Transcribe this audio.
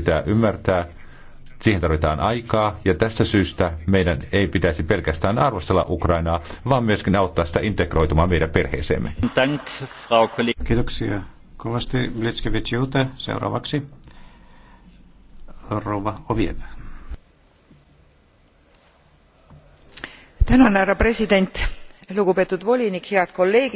pitää ymmärtää. Siihen tarvitaan aikaa ja tästä syystä meidän ei pitäisi pelkästään arvostella Ukrainaa, vaan myöskin auttaa sitä integroitumaan meidän perheeseemme. Kiitoksia kovasti Blitzkevich Jute. Seuraavaksi Rova Oviev. Tänan, herra president, lugupeetud volinik, head kolleegid.